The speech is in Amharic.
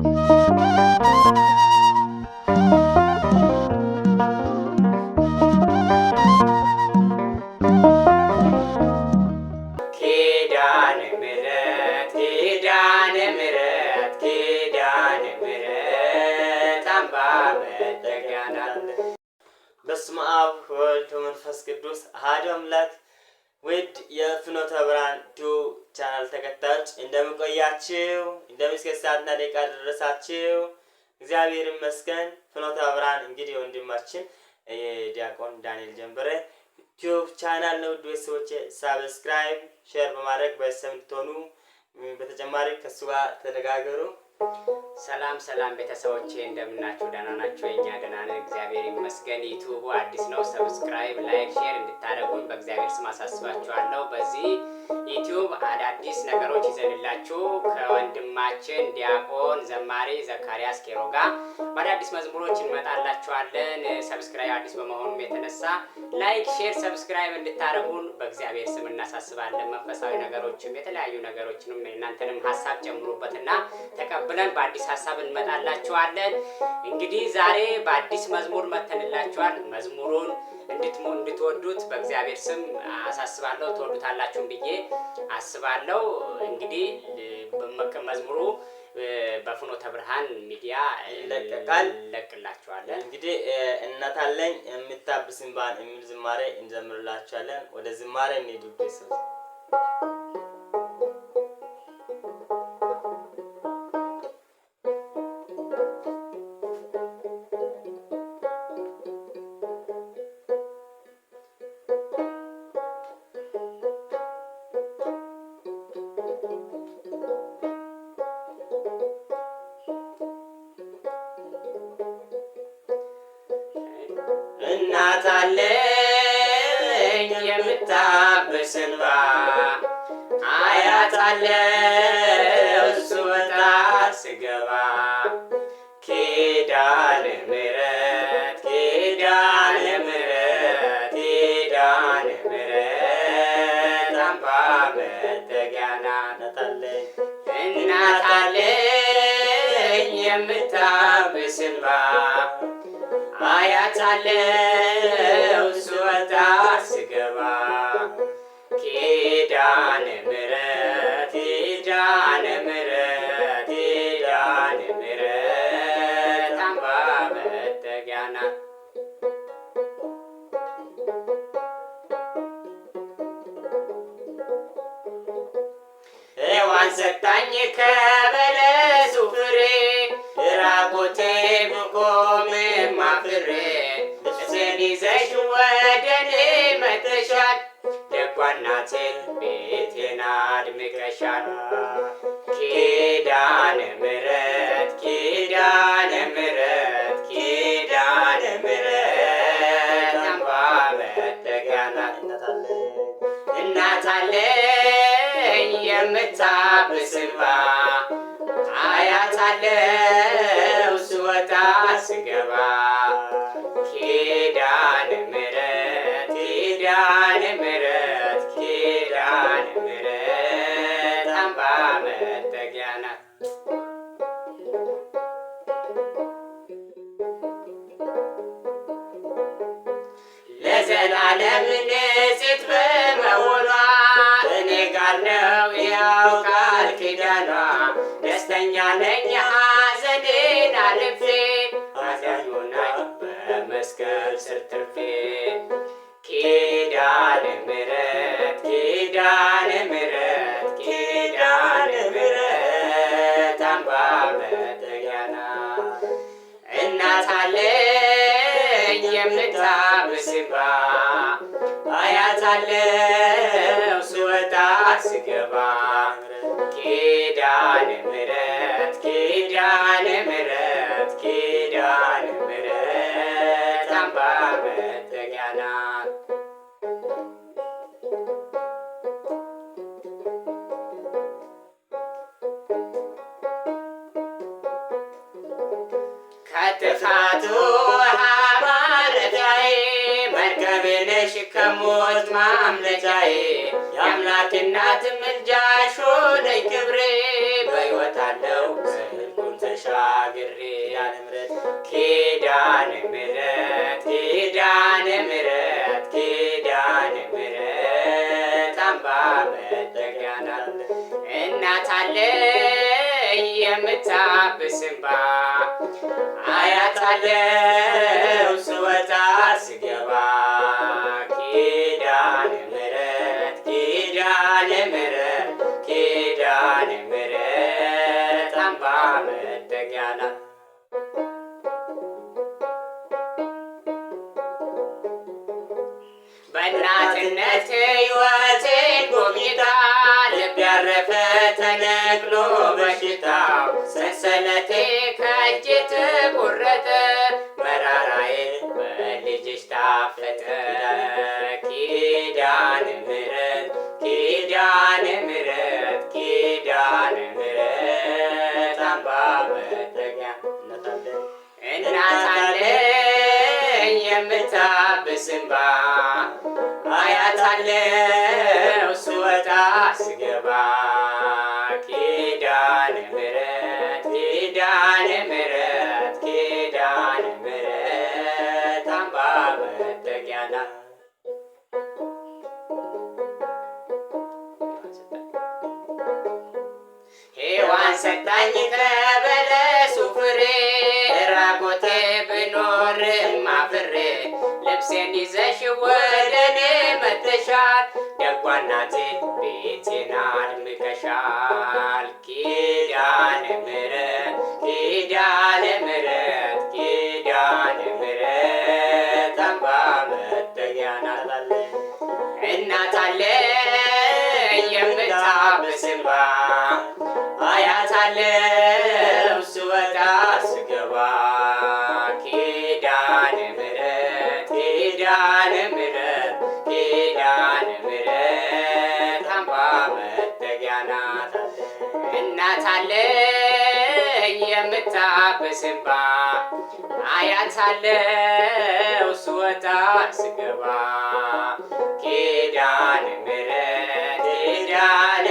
በስመ አብ ወወልድ ወመንፈስ ቅዱስ አሐዱ አምላክ ውድ የፍኖተ ብርሃን ቱ ቻናል ተከታዮች እንደምንቆያችሁ እንደምስከ ሰዓትና ደቂቃ ደረሳችሁ። እግዚአብሔር ይመስገን። ፍኖተ ብርሃን እንግዲህ ወንድማችን ዲያቆን ዳንኤል ጀንበረ ዩቲዩብ ቻናል ነው። ውድ ቤተሰቦች ሳብስክራይብ፣ ሼር በማድረግ ቤተሰብ እንድትሆኑ በተጨማሪ ከሱ ጋር ተነጋገሩ። ሰላም ሰላም ቤተሰቦቼ እንደምናችሁ ደህና ናችሁ? የእኛ ደህና ነን እግዚአብሔር ይመስገን። ዩቱቡ አዲስ ነው፣ ሰብስክራይብ፣ ላይክ፣ ሼር እንድታደርጉን በእግዚአብሔር ስም አሳስባችኋለሁ። በዚህ ዩቲዩብ አዳዲስ ነገሮች ይዘንላችሁ ከወንድማችን ዲያቆን ዘማሪ ዘካርያስ ኬሮ ጋር በአዳዲስ መዝሙሮች እንመጣላችኋለን። ሰብስክራይብ አዲስ በመሆኑም የተነሳ ላይክ፣ ሼር፣ ሰብስክራይብ እንድታደርጉን በእግዚአብሔር ስም እናሳስባለን። መንፈሳዊ ነገሮችም የተለያዩ ነገሮችንም እናንተንም ሀሳብ ጨምሩበትና ተቀብለን በአዲስ ሀሳብ እንመጣላችኋለን። እንግዲህ ዛሬ በአዲስ መዝሙር መተንላችኋል። መዝሙሩን እንድትወዱት በእግዚአብሔር ስም አሳስባለሁ። ትወዱታላችሁ ብዬ አስባለሁ። እንግዲህ መዝሙሩ በፍኖተ ብርሃን ሚዲያ ይለቀቃል። ለቅላችኋለን። እንግዲህ እናታለኝ የምታብስ እንባን የሚል ዝማሬ እንዘምርላችኋለን። ወደ ዝማሬ እንሂድ ቤተሰብ አለኝ የምታብስ እንባ ስገባ ኪዳነ ምሕረት ኪዳነ ምሕረት ኪዳነ ምሕረት አምባ መጠጊያ አያታለው ስወጣ ስገባ ኪዳነ ምሕረት ኪዳነ ምሕረት ኪዳነ ምሕረት አምባ ሔዋን ሰጣኝ ከበለሱ ፍሬ ራቁቴ አፍሬ እርሴን ይዘሽ ወደኔ መተሻል ደጓ እናቴ ቤቴን አድምቀሻል። ኪዳነ ምሕረት ኪዳነ ምሕረት ኪዳነ ምሕረት አምባ ስወጣ ስገባ ኪዳነ ምሕረት ኪዳነ ምሕረት አምባ መጠጊያ ናት። ለዘላለም ንጽሕት በመሆኗ እኔ ጋር ነው ያው ቃል ኪዳኗ ደስተኛ ነኝ ሐዘኔን አልፌ ኃጢአቴን በመስቀል ስር ትርፌ ኪዳነ ምህረት ኪዳነ ምህረት ኪዳነ ምህረት አምባ መጠጊያና እናታለኝ የምታብስባ አያታለው ስወጣ ስገባ ኪዳነ ምህረት ኪዳነ ምህረት ኪዳነ ምህረት በመርካቶ ማረጃዬ መርካቤ ነሽ ከሞት ማምለጫዬ የአምላኬ እናት ምልጃሽ ሆነኝ ክብሬ በሕይወት አለው ስልኩን ተሻግሬ ኪዳነ ምሕረት ኪዳነ ምሕረት ኪዳነ ምሕረት ኪዳነ ምሕረት አምባ መጠጊያ ናት እናት አለ የምታብስባ አያታለው ስወጣ ስገባ ኪዳነ ምሕረት ኪዳነ ምሕረት ኪዳነ ምሕረት አምባ መጠጊያ ናት። አንጀቴ ከእጄ ተቆረጠ፣ መራራዬ በልጅሽ ታፈጠ። ኪዳነ ምሕረት ኪዳነ ምሕረት ኪዳነ ምሕረት አምባ መጠጊያ የምታብስ እንባ ስወጣ ስገባ ሰጠኝ ከበለሱ ፍሬ ራቆቴ ብኖርም አፍሬ ልብሴን ይዘሽ ወደ እኔ መጥተሻል ደጓ እናቴ ቤቴን አድምቀሻል ኪዳነ ምሕረት ኪዳነ ምሕረት ኪዳነ ምሕረት አምባ መጠጊያ የምታብስባ ኪዳነ ምህረት ኪዳነ አምባ መጠጊያ ናት እናት አለኝ አያት አለው ስወጣ ስገባ ኪዳነ ኪዳነ